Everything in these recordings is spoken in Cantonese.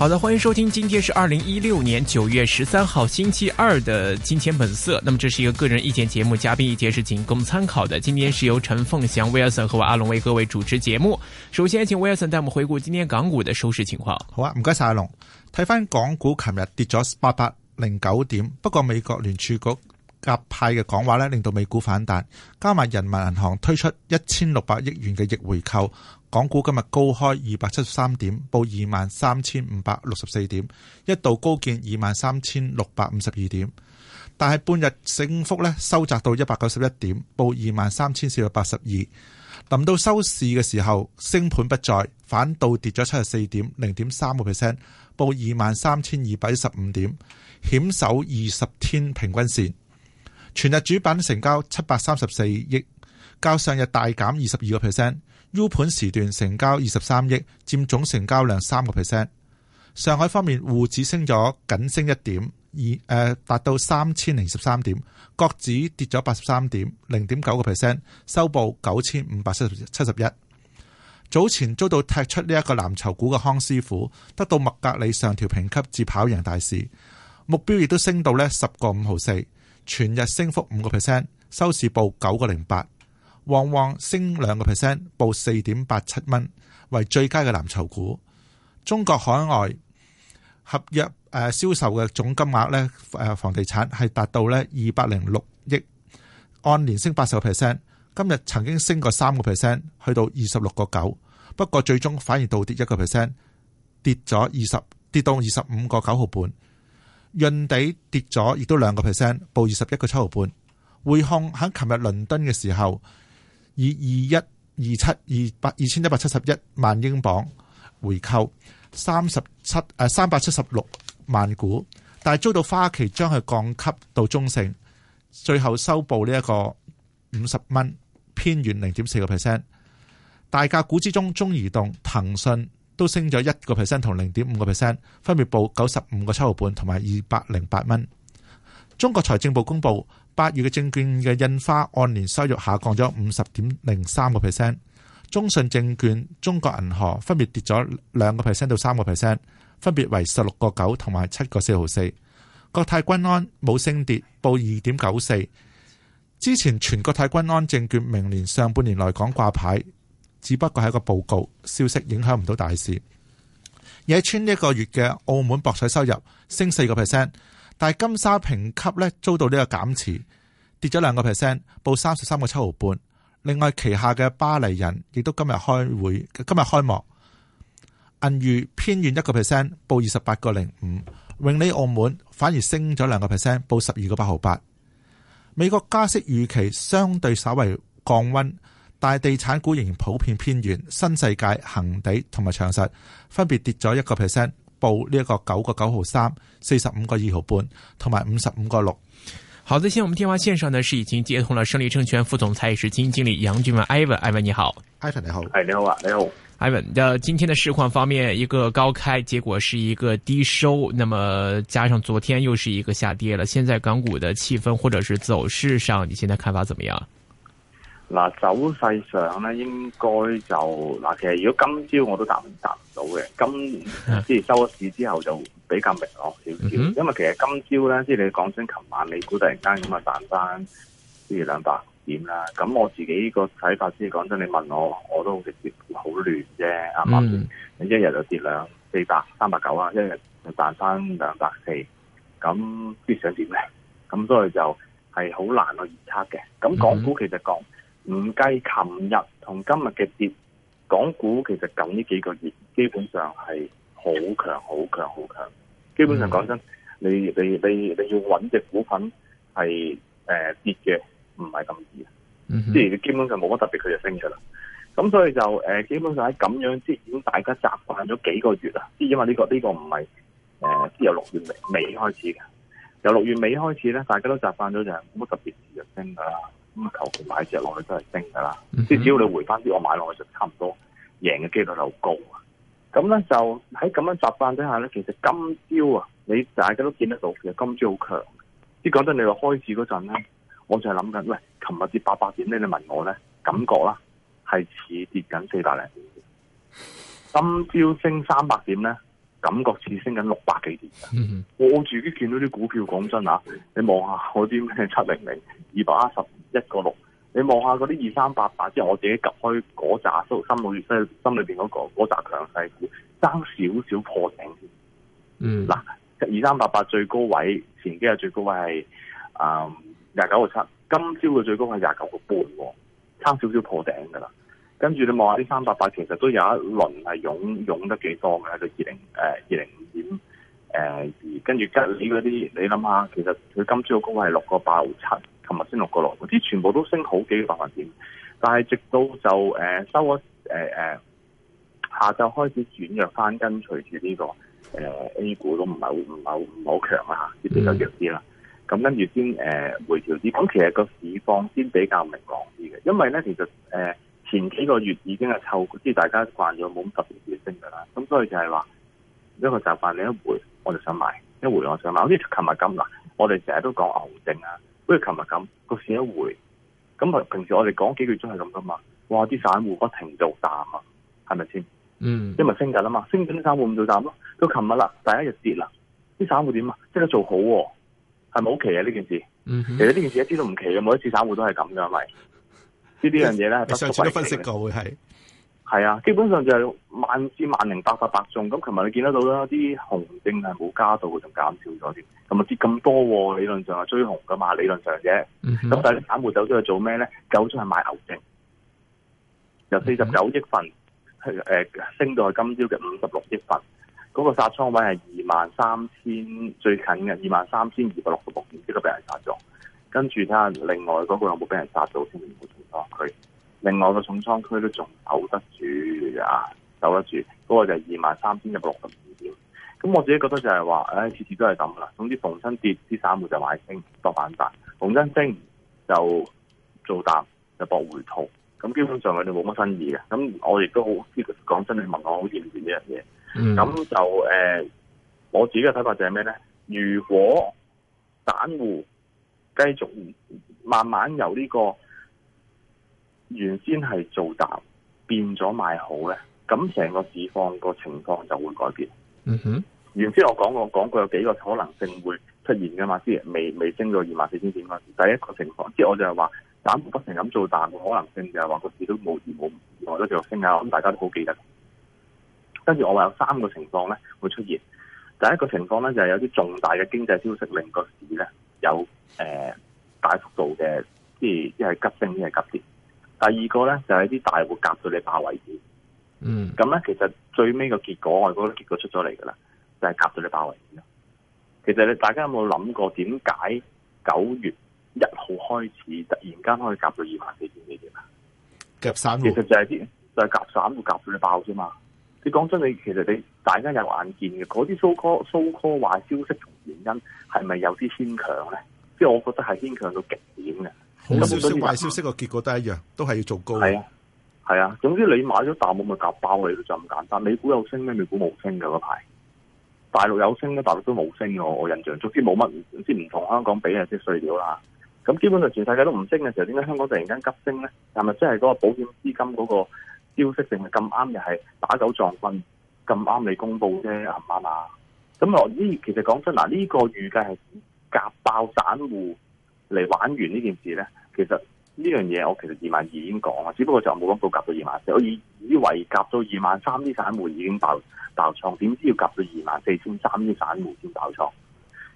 好的，歡迎收聽，今天是二零一六年九月十三號星期二的《金錢本色》。那麼這是一個個人意見節目，嘉賓意見是僅供參考的。今天是由陳鳳祥 Wilson 和我阿龍為各位主持節目。首先，請 Wilson 帶我們回顧今天港股的收市情況。好啊，唔該晒阿龍。睇翻，港股琴日跌咗八百零九點，不過美國聯儲局。甲派嘅講話咧，令到美股反彈，加埋人民銀行推出一千六百億元嘅逆回購，港股今日高開二百七十三點，報二萬三千五百六十四點，一度高見二萬三千六百五十二點，但係半日升幅咧收窄到一百九十一點，報二萬三千四百八十二。臨到收市嘅時候，升盤不再，反倒跌咗七十四點，零點三個 percent，報二萬三千二百一十五點，險守二十天平均線。全日主板成交七百三十四億，較上日大減二十二個 percent。U 盤時段成交二十三億，佔總成交量三個 percent。上海方面，滬指升咗，僅升一點二，誒、呃，達到三千零十三點。國指跌咗八十三點，零點九個 percent，收報九千五百七十一。早前遭到踢出呢一個藍籌股嘅康師傅，得到麥格理上調評級至跑贏大市，目標亦都升到呢十個五毫四。全日升幅五個 percent，收市報九個零八，旺旺升兩個 percent，報四點八七蚊，為最佳嘅藍籌股。中國海外合約誒銷售嘅總金額咧誒房地產係達到咧二百零六億，按年升八十個 percent。今日曾經升過三個 percent，去到二十六個九，不過最終反而倒跌一個 percent，跌咗二十跌到二十五個九毫半。潤地跌咗，亦都兩個 percent，報二十一個七毫半。匯控喺琴日倫敦嘅時候，以二一二七二百二千一百七十一萬英鎊回購三十七誒三百七十六萬股，但係遭到花旗將佢降級到中性，最後收報呢一個五十蚊，偏遠零點四個 percent。大價股之中，中移動、騰訊。都升咗一個 percent 同零點五個 percent，分別報九十五個七毫半同埋二百零八蚊。中國財政部公布八月嘅證券嘅印花按年收入下降咗五十點零三個 percent。中信證券、中國銀行分別跌咗兩個 percent 到三個 percent，分別為十六個九同埋七個四毫四。國泰君安冇升跌，報二點九四。之前全國泰君安證券明年上半年來港掛牌。只不過係個報告消息，影響唔到大市。野村呢一個月嘅澳門博彩收入升四個 percent，但係金沙評級咧遭到呢個減持，跌咗兩個 percent，報三十三個七毫半。另外旗下嘅巴黎人亦都今日開會，今日開幕，銀娛偏遠一個 percent，報二十八個零五。永利澳門反而升咗兩個 percent，報十二個八毫八。美國加息預期相對稍為降溫。大地產股仍然普遍偏軟，新世界恒地同埋長實分別跌咗一個 percent，報呢一個九個九毫三、四十五個二毫半同埋五十五個六。好的，首先我們電話線上呢是已經接通了勝利證券副總裁也是基金經理楊俊文，Ivan，Ivan 你好，Ivan 你好，Ivan，你好啊，你好，Ivan。那今天的市況方面，一個高開，結果是一個低收，那麼加上昨天又是一個下跌了。現在港股的氣氛或者是走勢上，你現在看法怎麼樣？嗱，走勢上咧應該就嗱，其實如果今朝我都答唔答唔到嘅，今即係收咗市之後就比較明朗少少，嗯嗯因為其實今朝咧即係你講真，琴晚你估突然間咁啊彈翻，即係兩百點啦，咁我自己個睇法先講真，你問我我都直接好亂啫，啱啱先你一日就跌兩四百三百九啊，400, 300, 900, 一日就彈翻兩百四，咁即係想點咧？咁所以就係好難去預測嘅。咁港股其實講。嗯嗯唔計琴日同今日嘅跌，港股其實近呢幾個月基本上係好強、好強、好強。基本上講真，你你你你要揾隻股份係、呃、跌嘅，唔係咁易啊。即係你基本上冇乜特別，佢就升噶啦。咁所以就、呃、基本上喺咁樣，即係已經大家習慣咗幾個月啦。即係因為呢個呢個唔係誒由六月尾開始嘅，由六月尾開始咧，大家都習慣咗就冇乜特別事，就升噶啦。咁啊，求其買隻落去都係升噶啦，即係、嗯、哼只要你回翻啲，我買落去就差唔多贏嘅幾率就高啊！咁咧就喺咁樣習慣底下咧，其實今朝啊，你大家都見得到，其實今朝好強。即係講真，你話開始嗰陣咧，我就係諗緊，喂，琴日跌八百點，你問我咧感覺啦，係似跌緊四百零點，今朝升三百點咧，感覺似升緊六百幾點。嗯、哼我自己見到啲股票，講真啊，你望下我啲咩七零零、二百一十五。一個六，1 1. 6, 你望下嗰啲二三八八，之後我自己及開嗰紮心心裏面心裏邊嗰個嗰紮強勢股，爭少少破頂。嗯，嗱，二三八八最高位前幾日最高位係啊廿九個七，今朝嘅最高係廿九個半，差少少破頂噶啦。跟住你望下啲三八八，其實都有一輪係湧湧得幾多嘅，喺度二零誒二零五點誒，跟住吉利嗰啲，你諗下其實佢今朝嘅高位係六個八毫七。琴日先六個六，嗰啲全部都升好幾百分點，但係直到就誒收咗誒誒下晝開始轉弱翻，跟隨住呢、這個誒、呃、A 股都唔係好唔好唔好強啊，啲比較弱啲啦。咁跟住先誒、呃、回調啲，咁其實個市況先比較明朗啲嘅，因為咧其實誒、呃、前幾個月已經係湊，即係大家慣咗冇咁特別嘅升㗎啦。咁所以就係話一個習慣，你一回我就想買，一回我想買。好似琴日今日，我哋成日都講牛證啊。好似琴日咁，個市一回，咁啊平時我哋講幾句都係咁噶嘛？哇！啲散戶不停就淡啊，係咪先？嗯、mm，hmm. 因為升緊啦嘛，升緊啲散戶唔做淡咯。到琴日啦，第一日跌啦，啲散戶點啊？即係做好喎，係咪好奇啊？呢件事，嗯、mm hmm. 其實呢件事一啲都唔奇嘅，每一次散戶都係咁噶，係咪？呢啲樣嘢咧， 上次都分析過會係。 係啊，基本上就係萬枝萬零百發百,百中。咁琴日你見得到啦，啲紅證係冇加到，仲減少咗啲。咁啊跌咁多，理論上係追紅噶嘛？理論上啫。咁、mm hmm. 但係散戶走咗去做咩咧？走出係買牛證，由四十九億份，誒、呃，升到去今朝嘅五十六億份。嗰、嗰個殺倉位係二萬三千，最近嘅二萬三千二百六十六點，即刻俾人殺咗。跟住睇下另外嗰個有冇俾人殺到先，唔咁同佢。另外個重倉區都仲守得住啊，守得住嗰、那個就係二萬三千一百六十五點。咁我自己覺得就係話，唉、哎，次次都係咁啦。總之逢親跌啲散戶就買升博反彈，逢親升就做淡就搏回吐。咁基本上佢哋冇乜新意嘅。咁我亦都好，講真嘅問我好認住呢樣嘢。咁、嗯、就誒、呃，我自己嘅睇法就係咩咧？如果散戶繼續慢慢由呢、這個，原先係做淡，變咗賣好咧，咁成個市況個情況就會改變。嗯哼，原先我講過，講過有幾個可能性會出現噶嘛，即係未未升到二萬四千點啦。第一個情況，即係我就係話，散戶不停咁做淡嘅可能性就係話，就係話個市都冇二毫五，或者繼續升下，咁大家都好記得。跟住我話有三個情況咧會出現，第一個情況咧就係有啲重大嘅經濟消息令個市咧有誒、呃、大幅度嘅，即係一係急升，即係急跌。第二個咧就係、是、啲大戶夾到你爆位置嗯，咁咧其實最尾個結果，我覺得結果出咗嚟噶啦，就係、是、夾到你爆位置。其實你大家有冇諗過點解九月一號開始突然間可以夾到二萬四點幾點啊？夾散，其實就係、是、啲就係、是、夾散會夾到你爆啫嘛。你講真，你其實你大家有眼見嘅嗰啲 so call so call 壞消息同原因係咪有啲牽強咧？即、就、係、是、我覺得係牽強到極點嘅。好消息、壞、嗯、消息個結果都一樣，都係要做高。係啊，係啊。總之你買咗淡我咪夾爆你就唔簡單。美股有升咩？美股冇升嘅嗰排。大陸有升咧，大陸都冇升嘅。我印象總之冇乜，唔知唔同香港比啊啲碎料啦。咁基本上全世界都唔升嘅時候，點解香港突然間急升咧？係咪即係嗰個保險資金嗰個消息性咁啱又係打狗撞棍？咁啱你公布啫，係唔啱啊？咁落呢？其實講真嗱，呢、呢個預計係夾爆散戶。嚟玩完呢件事咧，其實呢樣嘢我其實二萬二已經講啦，只不過就冇諗到夾到二萬四，我以以為夾到二萬三啲散戶已經爆爆倉，點知要夾到二萬四千三啲散戶先爆倉。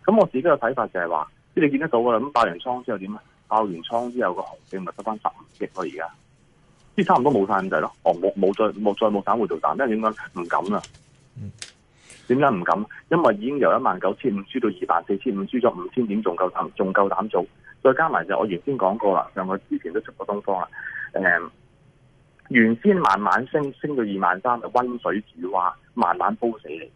咁我自己嘅睇法就係話，即係你見得到啦。咁爆完倉之後點啊？爆完倉之後個紅情咪得翻十五億咯，而家即係差唔多冇晒咁滯咯。我冇冇再冇再冇散戶做膽，因為點解唔敢啦。點解唔敢？因為已經由一萬九千五輸到二萬四千五，輸咗五千點，仲夠膽仲夠膽做。再加埋就我原先講過啦，上我之前都出過東方啊、呃，原先慢慢升，升到二萬三就溫水煮蛙，慢慢煲死你。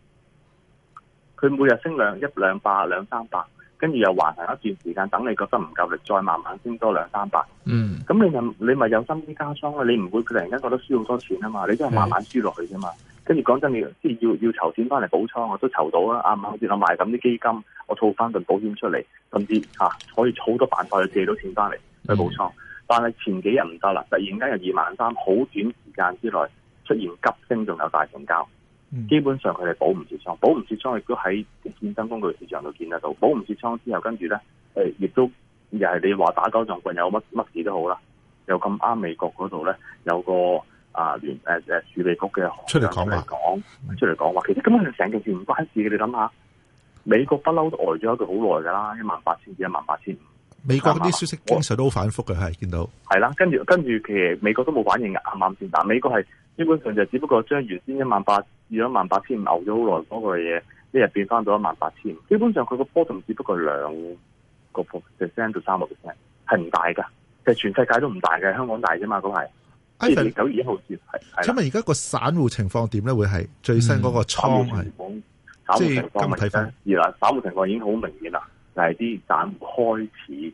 佢每日升一兩百兩三百，跟住又橫行一段時間，等你覺得唔夠力，再慢慢升多兩三百。嗯，咁你又你咪有心機加倉啦，你唔會突然間覺得輸好多錢啊嘛，你都係慢慢輸落去啫嘛。嗯跟住講真，你即係要要籌錢翻嚟補倉，我都籌到啦。啱啱好似我賣咁啲基金，我套翻份保險出嚟，甚至、啊、可以好多辦法去借到錢翻嚟去補倉。但係前幾日唔得啦，突然間有二萬三，好短時間之內出現急升，仲有大成交。基本上佢哋補唔切倉，補唔切倉亦都喺衍生工具市場度見得到。補唔切倉之後，跟住咧亦都又係你話打狗撞棍，有乜乜事都好啦。又咁啱美國嗰度咧，有個。啊，聯，誒誒儲局嘅出嚟講話，嗯、出嚟講話，其實根本就成件事唔關事嘅，你諗下，美國不嬲都呆咗一句好耐㗎啦，一萬八千至一萬八千五。美國啲消息經常都好反覆嘅，係我見到。係啦，跟住，跟住，其實美國都冇反應㗎，啱唔啱先？但美國係基本上就只不過將原先一萬八至一萬八千五熬咗好耐嗰個嘢，一日變翻到一萬八千。基本上佢個波動只不過兩個 percent 到三 percent，係唔大㗎。其實全世界都唔大嘅，香港大啫嘛，都係。e v e 九二號線係，請問而家個散戶情況點咧？會係最新嗰個倉係即係今日睇返，而家、嗯、散戶情況已經好明顯啦，係啲散戶開始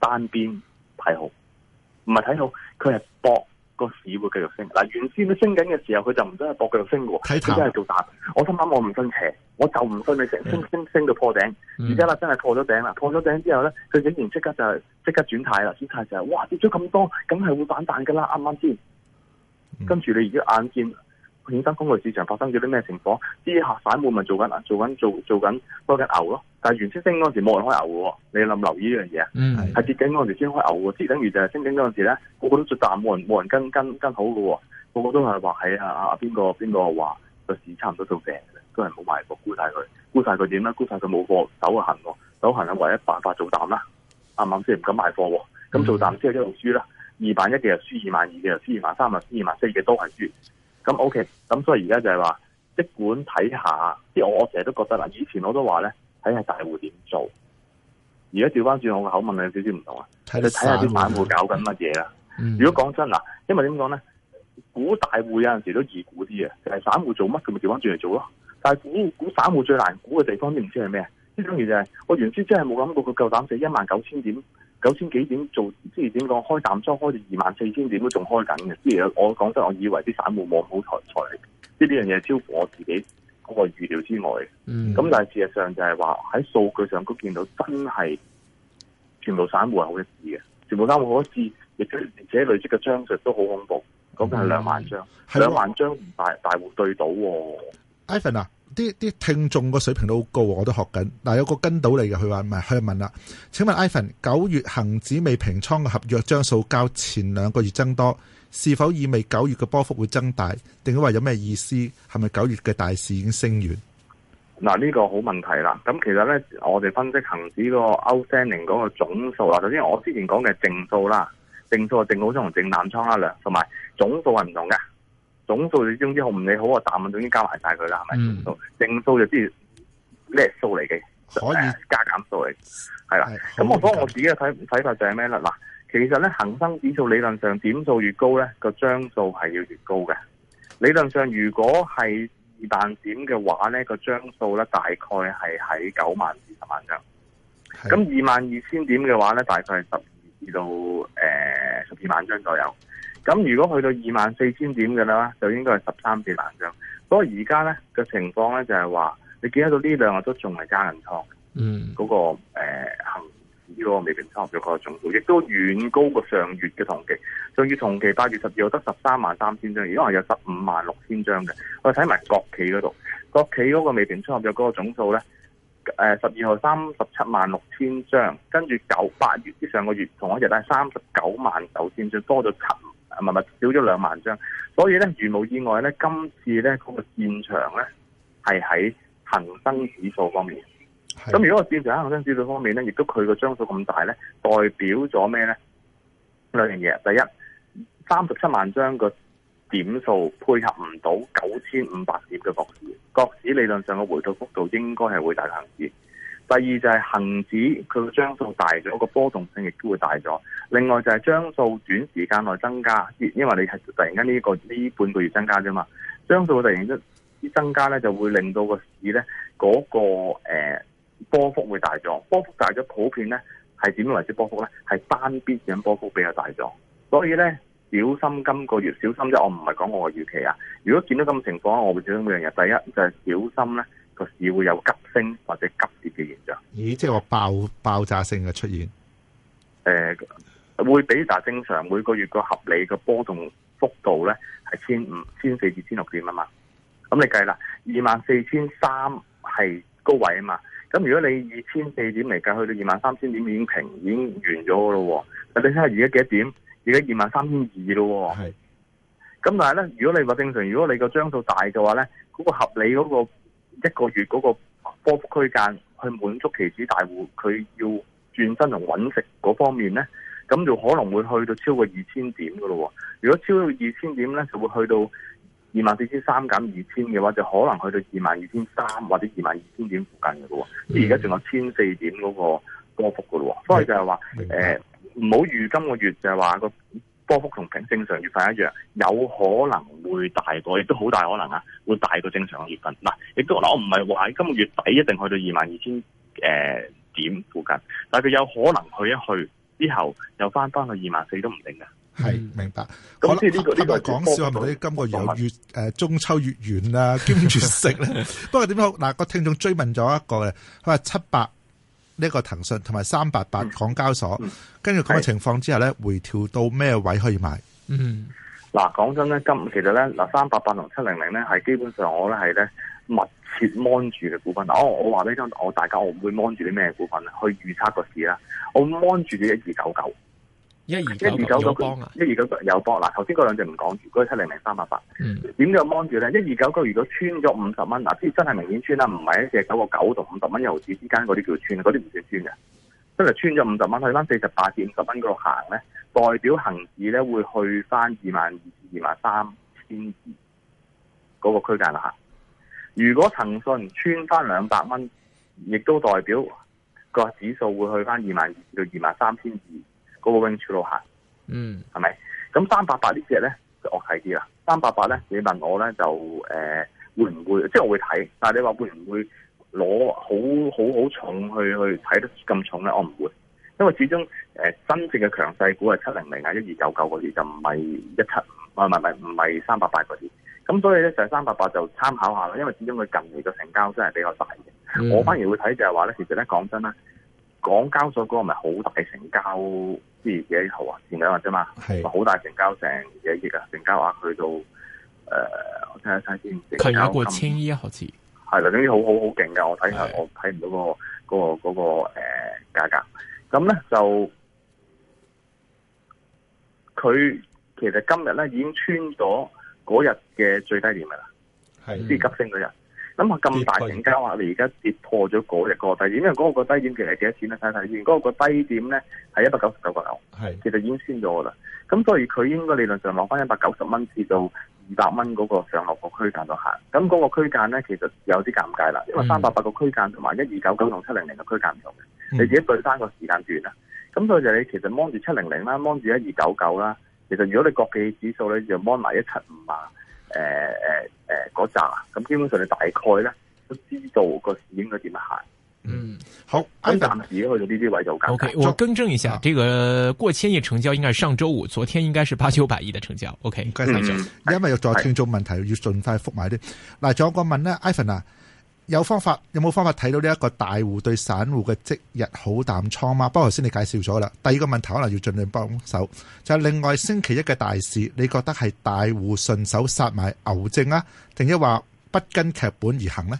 單邊睇好，唔係睇好佢係博個市會繼續升。嗱，原先佢升緊嘅時候，佢就唔想係博繼續升喎，睇睇真係做蛋。我心諗我唔信邪我就唔信你升升升到破頂，而家啦真係破咗頂啦！破咗頂之後咧，佢竟然即刻就係即刻轉態啦！轉態就係、是、哇跌咗咁多，梗係會反彈噶啦，啱啱先？嗯、跟住你而家眼見衍生工具市場發生咗啲咩情況？啲客散戶咪做緊做緊做做緊多隻牛咯。但係原先升嗰時冇人開牛喎，你諗留意呢樣嘢係跌緊嗰時先開牛嘅，即等於就係升緊嗰陣時咧，個個都做淡，冇人冇人跟跟跟好㗎喎、哦，個個都係話喺啊啊邊個邊個話個市差唔多到頂。都係冇賣過沽晒佢，沽晒佢點啦？沽晒佢冇貨走就行喎，走行啊，唯一辦法做淡啦。啱啱先唔敢賣貨，咁做淡之後一路輸啦。二萬一嘅又輸，二萬二嘅又輸，二萬三嘅輸，二萬四嘅都係輸。咁 OK，咁所以而家就係話，即管睇下，啲我我成日都覺得啦，以前我都話咧，睇下大戶點做。而家調翻轉我個口吻有少少唔同啊，睇你睇下啲散戶搞緊乜嘢啦？嗯、如果講真嗱，因為點講咧？估大戶有陣時都易估啲嘅，就係散戶做乜佢咪調翻轉嚟做咯。但係估估散戶最難估嘅地方，你唔知係咩？呢種嘢就係、是、我原先真係冇諗過佢夠膽借一萬九千點、九千幾點做，即係點講開淡倉，開到二萬四千點都仲開緊嘅。即係我講得我以為啲散戶冇好財才力。呢啲樣嘢超乎我自己嗰個預料之外。嗯。咁但係事實上就係話喺數據上，都見到真係全部散戶係好一致嘅，全部散戶好一致，而且而且累積嘅張數都好恐怖。嗰、那個係兩萬張，兩萬張唔大大戶對到、哦。Ivan 啊，啲啲聽眾個水平都好高，我都學緊。但有個跟到你嘅，佢話唔係，佢去問啦：請問 Ivan，九月恒指未平倉嘅合約張數較前兩個月增多，是否意味九月嘅波幅會增大？定係話有咩意思？係咪九月嘅大市已經升完？嗱，呢個好問題啦。咁其實咧，我哋分析恒指 Outstanding 嗰個總數啦。首、啊、先，我之前講嘅淨數啦，淨數嘅淨好倉同淨淡倉量，同埋總數係唔同嘅。總數始終之好唔理好啊，我淡啊，總之加埋晒佢啦，係咪？嗯、正數就即係叻數嚟嘅，可以加減數嚟，係啦。咁我講我自己嘅睇睇法就係咩咧？嗱，其實咧恒生指數理論上點數越高咧個張數係要越高嘅。理論上如果係二萬點嘅話咧個張數咧大概係喺九萬至十萬張。咁二萬二千點嘅話咧大概十二至到誒十二萬張左右。咁如果去到二萬四千點嘅啦，就應該係十三至萬張。不過而家咧嘅情況咧就係話，你見得到呢兩個都仲係加銀倉，嗯、mm. 嗰個，嗰、呃、個行恆指嗰個未平倉合約個總數，亦都遠高過上月嘅同期。上月同期八月十二號得十三萬三千張，而家係有十五萬六千張嘅。我睇埋國企嗰度，國企嗰個未平倉合約嗰個總數咧，誒十二號三十七萬六千張，跟住九八月啲上個月同一日都係三十九萬九千張，多咗七。啊，物少咗兩萬張，所以咧，如無意外咧，今次咧嗰個戰場咧係喺恒生指數方面。咁的如果個戰場喺恒生指數方面咧，亦都佢個張數咁大咧，代表咗咩咧？兩樣嘢，第一三十七萬張個點數配合唔到九千五百點嘅國指，國指理論上嘅回吐幅度應該係會大過恆第二就係恒指佢嘅張數大咗，個波動性亦都會大咗。另外就係張數短時間內增加，因為你係突然間呢個呢半個月增加啫嘛，張數突然間啲增加咧就會令到個市咧嗰個誒波幅會大咗，波幅大咗普遍咧係點樣嚟？啲波幅咧係單邊型波幅比較大咗，所以咧小心今個月，小心，即我唔係講我嘅預期啊。如果見到咁情況，我會做緊兩樣嘢。第一就係小心咧。個市會有急升或者急跌嘅現象，咦，即係話爆爆炸性嘅出現？誒、呃，會比達正常每個月個合理嘅波動幅度咧係千五、千四至千六點啊嘛。咁你計啦，二萬四千三係高位啊嘛。咁如果你二千四點嚟計，去到二萬三千點已經平，已經完咗嘅咯。但你睇下而家幾多點？而家二萬三千二咯。係是。咁但係咧，如果你話正常，如果你個張數大嘅話咧，嗰、那個合理嗰、那個。一個月嗰個波幅區間去滿足期指大戶佢要轉身同揾食嗰方面呢，咁就可能會去到超過二千點嘅咯。如果超過二千點呢，就會去到二萬四千三減二千嘅話，就可能去到二萬二千三或者二萬二千點附近嘅咯。即係而家仲有千四點嗰個波幅嘅咯。所以就係話誒，唔好的、呃、預今個月就係話個。波幅同正常月份一樣，有可能會大過，亦都好大可能啊，會大過正常嘅月份。嗱，亦都嗱，我唔係話喺今個月底一定去到二萬二千誒點附近，但係佢有可能去一去之後又返返去二萬四都唔定㗎。係，明白。咁啦那，係咪講笑啊？唔係啲今個月有月誒中秋月圓啊，兼月食咧。不過點講？嗱、那，個聽眾追問咗一個嘅，佢話七百。呢個騰訊同埋三八八港交所，跟住咁嘅情況之下咧，是回調到咩位可以買？嗯，嗱，講真咧，今其實咧，嗱三八八同七零零咧，係基本上我咧係咧密切望住嘅股份。哦，我話呢張，我大家我會望住啲咩股份啊？去預測個市啦，我望住咗一二九九。一二九九，一二九九有博嗱，頭先嗰兩隻唔講住，嗰隻七零零三百八，點樣摸住咧？一二九九如果穿咗五十蚊嗱，即係真係明顯穿啦，唔係一隻九個九同五十蚊油脂之間嗰啲叫穿，嗰啲唔算穿嘅。真係穿咗五十蚊，去翻四十八至五十蚊嗰度行咧，代表恆指咧會去翻二萬二至二萬三千二嗰個區間啦嚇。如果騰訊穿翻兩百蚊，亦都代表個指數會去翻二萬二到二萬三千二。嗰個 wind chill 下嗯，係咪？咁三八八呢隻咧就惡睇啲啦。三八八咧，你問我咧就誒、呃、會唔會？即係我會睇，但係你話會唔會攞好好好重去去睇得咁重咧？我唔會，因為始終誒真正嘅強勢股係七零零啊、一二九九嗰啲，就唔係一七五唔係唔係唔係三八八嗰啲。咁所以咧就係三八八就參考下啦，因為始終佢近期嘅成交真係比較大嘅。 我反而會睇就係話咧，其實咧講真啦，港交所嗰個咪好大嘅成交。之前幾毫啊？前兩日啫嘛，係好是大成交成幾億啊！成交額去到誒、呃，我睇一睇先。佢有一個千億一字，係嗱，總之好好好勁噶！我睇下，是我睇唔到、個、個、嗰、個誒價、個呃、格。咁咧就佢其實今日咧已經穿咗嗰日嘅最低點噶啦，係啲的急升嗰日。咁啊，咁大成交啊！你而家跌破咗嗰日個低點，因為嗰個個低點其實係幾多錢咧？睇睇，原來嗰個個低點咧係一百九十九個九，係其實已經先咗噶啦。咁所以佢應該理論上落翻一百九十蚊至到二百蚊嗰個上落個區間度行。咁嗰個區間咧其實有啲尷尬啦，因為三百八個區間同埋一二九九同七零零嘅區間唔同嘅。你自己對翻個時間段啦。咁所以就你其實望住七零零啦，望住一二九九啦。其實如果你國企指數咧，就望埋一七五啊，誒誒。誒，嗰扎啊，咁基本上你大概咧都知道個市應該點行。嗯，好、嗯，咁以、嗯、暫時去到呢啲位就 OK。我更正一下，呢、啊、個過千億成交應該係上周五，昨天應該係八九百億嘅成交。OK，、嗯、是因為有再慶中問題，要盡快覆埋啲。嗱，仲有個問咧，Ivan 啊。有方法有冇方法睇到呢一個大戶對散戶嘅即日好淡倉嗎？不過頭先你介紹咗啦。第二個問題可能要盡量幫手。就係、是、另外星期一嘅大事，你覺得係大戶順手殺埋牛證啊，定一話不跟劇本而行呢？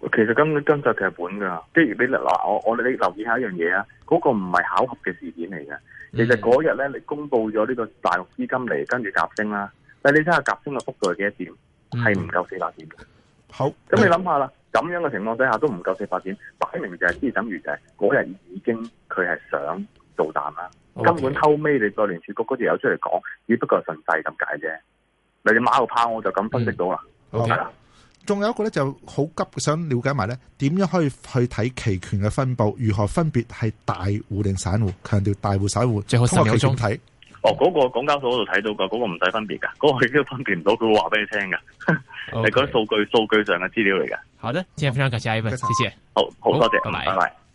其實跟跟實劇本㗎。即係你留我我你留意一下一樣嘢啊。嗰、那個唔係巧合嘅事件嚟嘅。其實嗰日咧，你公布咗呢個大陸資金嚟跟住夾升啦。但係你睇下夾升嘅幅度係幾多點，係唔夠四百點的。好咁，你諗下啦。咁樣嘅情況底下都唔夠四百點擺明就係之等如就係嗰日已經佢係想做淡啦。Okay. 根本後尾你再聯儲局嗰陣又出嚟講，只不過順勢咁解啫。你哋馬後炮我就咁分析到啦。O K 啦，仲、okay. 吧有一個咧就好急想了解埋咧，點樣可以去睇期權嘅分布，如何分別係大戶定散戶？強調大戶散戶，最有中通過期權睇？哦，嗰、那個港交所嗰度睇到㗎，嗰、那個唔使分別㗎，嗰、那個佢都分別唔到，佢會話俾你聽㗎。係嗰啲數據、數據上嘅資料嚟㗎。好的，謝謝分享，再次問，謝謝。好好多謝,謝，好拜拜。拜拜拜拜